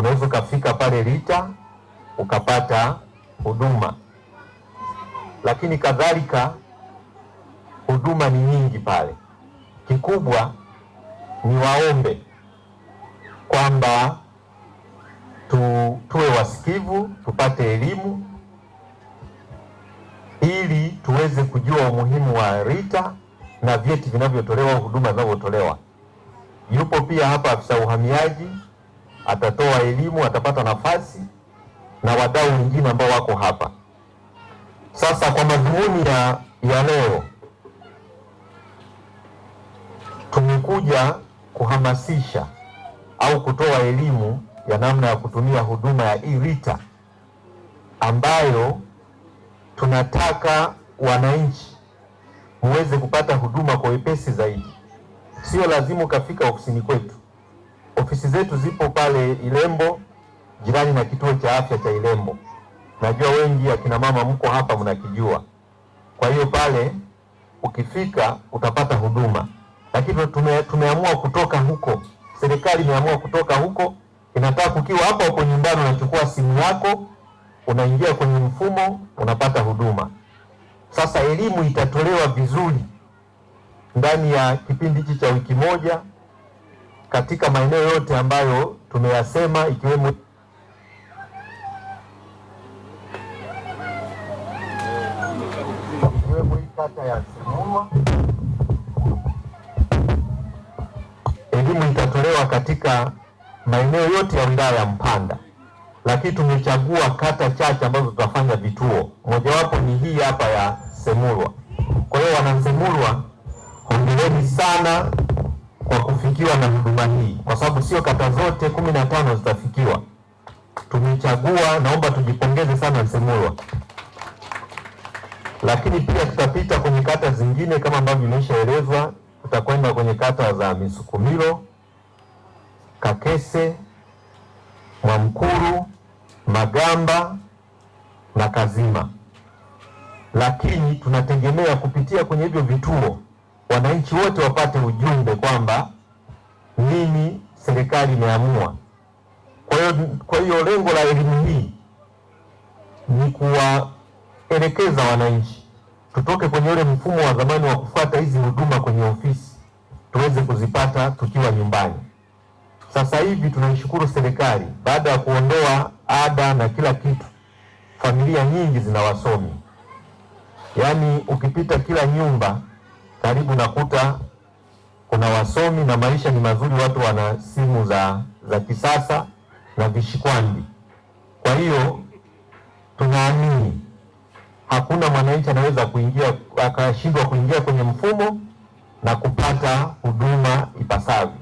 unaweza ukafika pale Lita ukapata huduma, lakini kadhalika huduma ni nyingi pale. Kikubwa ni waombe kwamba tu, tuwe wasikivu tupate elimu ili tuweze kujua umuhimu wa Rita na vyeti vinavyotolewa, huduma zinavyotolewa. Yupo pia hapa afisa uhamiaji atatoa elimu, atapata nafasi na wadau wengine ambao wako hapa. Sasa kwa madhumuni ya, ya leo tumekuja kuhamasisha au kutoa elimu ya namna ya kutumia huduma ya e-RITA ambayo tunataka wananchi muweze kupata huduma kwa wepesi zaidi. Sio lazima ukafika ofisini kwetu. Ofisi zetu zipo pale Ilembo, jirani na kituo cha afya cha Ilembo. Najua wengi akina mama mko hapa mnakijua. Kwa hiyo pale ukifika utapata huduma, lakini tume, tumeamua kutoka huko, serikali imeamua kutoka huko, inataka ukiwa hapa uko nyumbani, unachukua simu yako unaingia kwenye mfumo unapata huduma. Sasa elimu itatolewa vizuri ndani ya kipindi hichi cha wiki moja katika maeneo yote ambayo tumeyasema ikiwemo ikiwemo hii kata ya Elimu itatolewa katika maeneo yote ya wilaya ya Mpanda, lakini tumechagua kata chache ambazo tutafanya vituo, mojawapo ni hii hapa ya Semulwa. Kwa hiyo, wanasemulwa, hongereni sana kwa kufikiwa na huduma hii, kwa sababu sio kata zote kumi na tano zitafikiwa. Tumechagua, naomba tujipongeze sana Msemulwa, lakini pia tutapita kwenye kata zingine kama ambavyo imeshaelezwa. Tutakwenda kwenye kata za Misukumilo, Kakese, Mwamkuru, Magamba na Kazima, lakini tunategemea kupitia kwenye hivyo vituo wananchi wote wapate ujumbe kwamba nini serikali imeamua. Kwa hiyo kwa hiyo lengo la elimu hii ni kuwaelekeza wananchi, tutoke kwenye ule mfumo wa zamani wa kufuata hizi huduma kwenye ofisi, tuweze kuzipata tukiwa nyumbani. Sasa hivi tunaishukuru serikali, baada ya kuondoa ada na kila kitu, familia nyingi zina wasomi, yaani ukipita kila nyumba karibu nakuta kuna wasomi na maisha ni mazuri, watu wana simu za, za kisasa na vishikwambi. Kwa hiyo tunaamini hakuna mwananchi anaweza kuingia akashindwa kuingia kwenye mfumo na kupata huduma ipasavyo.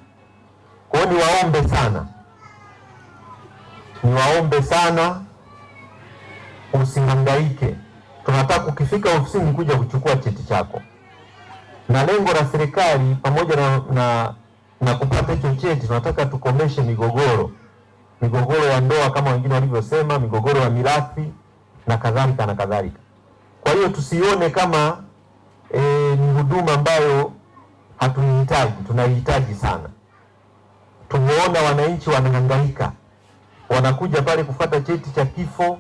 Kwa hiyo niwaombe sana, niwaombe sana, usihangaike. Tunataka ukifika ofisini kuja kuchukua cheti chako na lengo la serikali pamoja na, na, na kupata hicho cheti, tunataka tukomeshe migogoro, migogoro ya ndoa kama wengine walivyosema, migogoro ya mirathi na kadhalika na kadhalika. Kwa hiyo tusione kama e, ni huduma ambayo hatuihitaji, tunaihitaji sana. Tumeona wananchi wanahangaika, wanakuja pale kufata cheti cha kifo,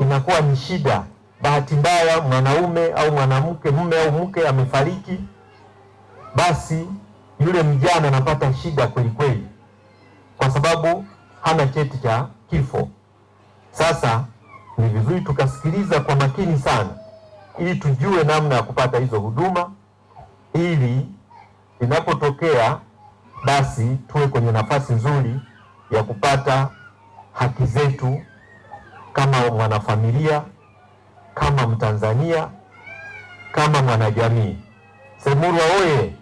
inakuwa ni shida bahati mbaya mwanaume au mwanamke, mume au mke amefariki, basi yule mjane anapata shida kwelikweli, kwa sababu hana cheti cha kifo. Sasa ni vizuri tukasikiliza kwa makini sana, ili tujue namna ya kupata hizo huduma, ili inapotokea basi tuwe kwenye nafasi nzuri ya kupata haki zetu kama mwanafamilia kama Mtanzania, kama mwanajamii. Semurwa oye!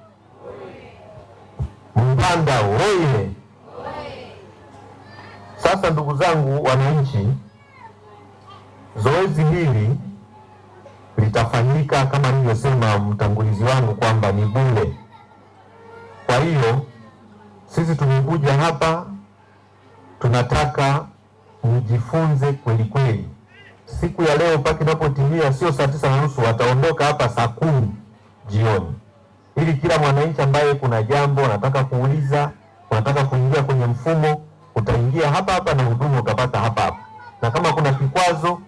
Mpanda oye! Sasa ndugu zangu wananchi, zoezi hili litafanyika kama nilivyosema mtangulizi wangu kwamba ni bure. Kwa hiyo sisi tumekuja hapa tunataka mjifunze kweli kweli siku ya leo mpaka inapotimia sio saa tisa na nusu, wataondoka hapa saa kumi jioni, ili kila mwananchi ambaye kuna jambo anataka kuuliza, unataka kuingia kwenye mfumo, utaingia hapa hapa na huduma utapata hapa hapa, na kama kuna kikwazo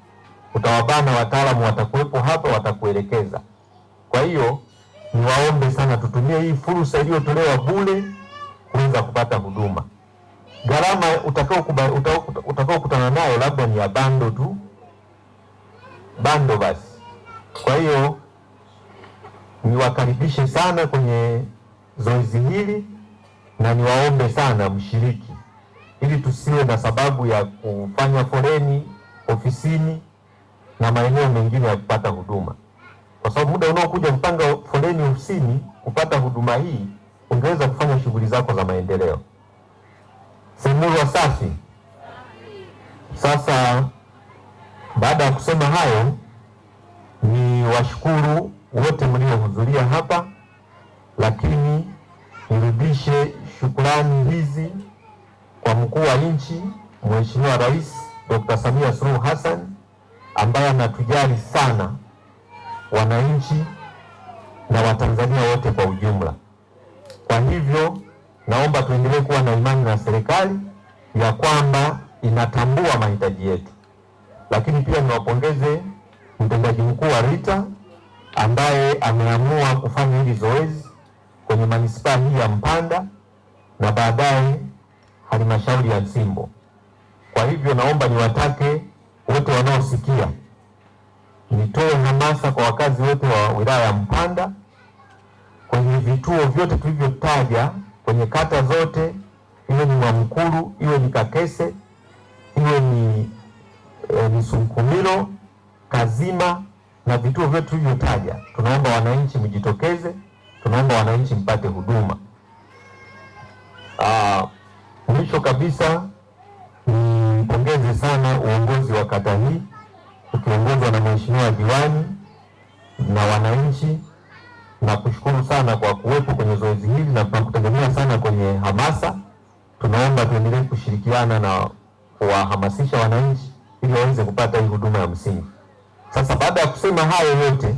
utawabana, wataalamu watakuwepo hapa, watakuelekeza. Kwa hiyo niwaombe sana, tutumie hii fursa iliyotolewa bure kuweza kupata huduma. Gharama utakaokutana nayo labda ni ya bando tu bando basi. Kwa hiyo niwakaribishe sana kwenye zoezi hili na niwaombe sana mshiriki, ili tusiwe na sababu ya kufanya foleni ofisini na maeneo mengine ya kupata huduma, kwa sababu muda unaokuja kupanga foleni ofisini kupata huduma hii ungeweza kufanya shughuli zako za maendeleo. Semurwa safi. Sasa baada ya kusema hayo, ni washukuru wote mliohudhuria hapa, lakini nirudishe shukrani hizi kwa mkuu wa nchi Mheshimiwa Rais Dr. Samia Suluhu Hassan ambaye anatujali sana wananchi na Watanzania wote kwa ujumla. Kwa hivyo, naomba tuendelee kuwa na imani na serikali ya kwamba inatambua mahitaji yetu lakini pia niwapongeze mtendaji mkuu wa RITA ambaye ameamua kufanya hili zoezi kwenye manispaa hii ya Mpanda na baadaye halmashauri ya Nsimbo. Kwa hivyo naomba niwatake wote wanaosikia, nitoe hamasa kwa wakazi wote wa wilaya ya Mpanda kwenye vituo vyote tulivyotaja kwenye kata zote, iwe ni Mwamkuru, iwe ni Kakese Misunkumiro, Kazima na vituo vyote tulivyotaja. Tunaomba wananchi mjitokeze, tunaomba wananchi mpate huduma. Ah, mwisho kabisa nimpongeze sana uongozi wa kata hii ukiongozwa na mheshimiwa diwani na wananchi, na kushukuru sana kwa kuwepo kwenye zoezi hili na tunakutegemea sana kwenye hamasa. Tunaomba tuendelee kushirikiana na kuwahamasisha wananchi ili waweze kupata hii huduma ya msingi. Sasa baada ya kusema hayo yote,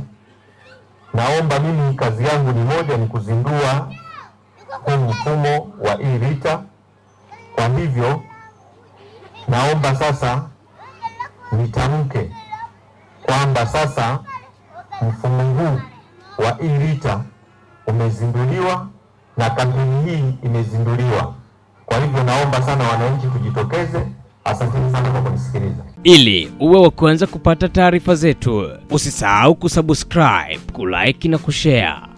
naomba mimi kazi yangu ni moja, ni kuzindua huu mfumo wa e-RITA. Kwa hivyo naomba sasa nitamke kwamba sasa mfumo huu wa e-RITA umezinduliwa na kampeni hii imezinduliwa. Kwa hivyo naomba sana wananchi kujitokeze Asanteni sana kwa kunisikiliza. Ili uwe wa kwanza kupata taarifa zetu, usisahau kusubscribe, kulike na kushare.